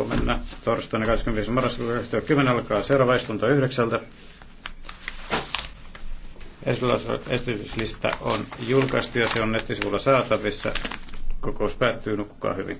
huomenna torstaina 25. marraskuuta 2010 alkaa seuraava istunto yhdeksältä. Esityslista on julkaistu ja se on nettisivulla saatavissa. Kokous päättyy, nukkukaa hyvin.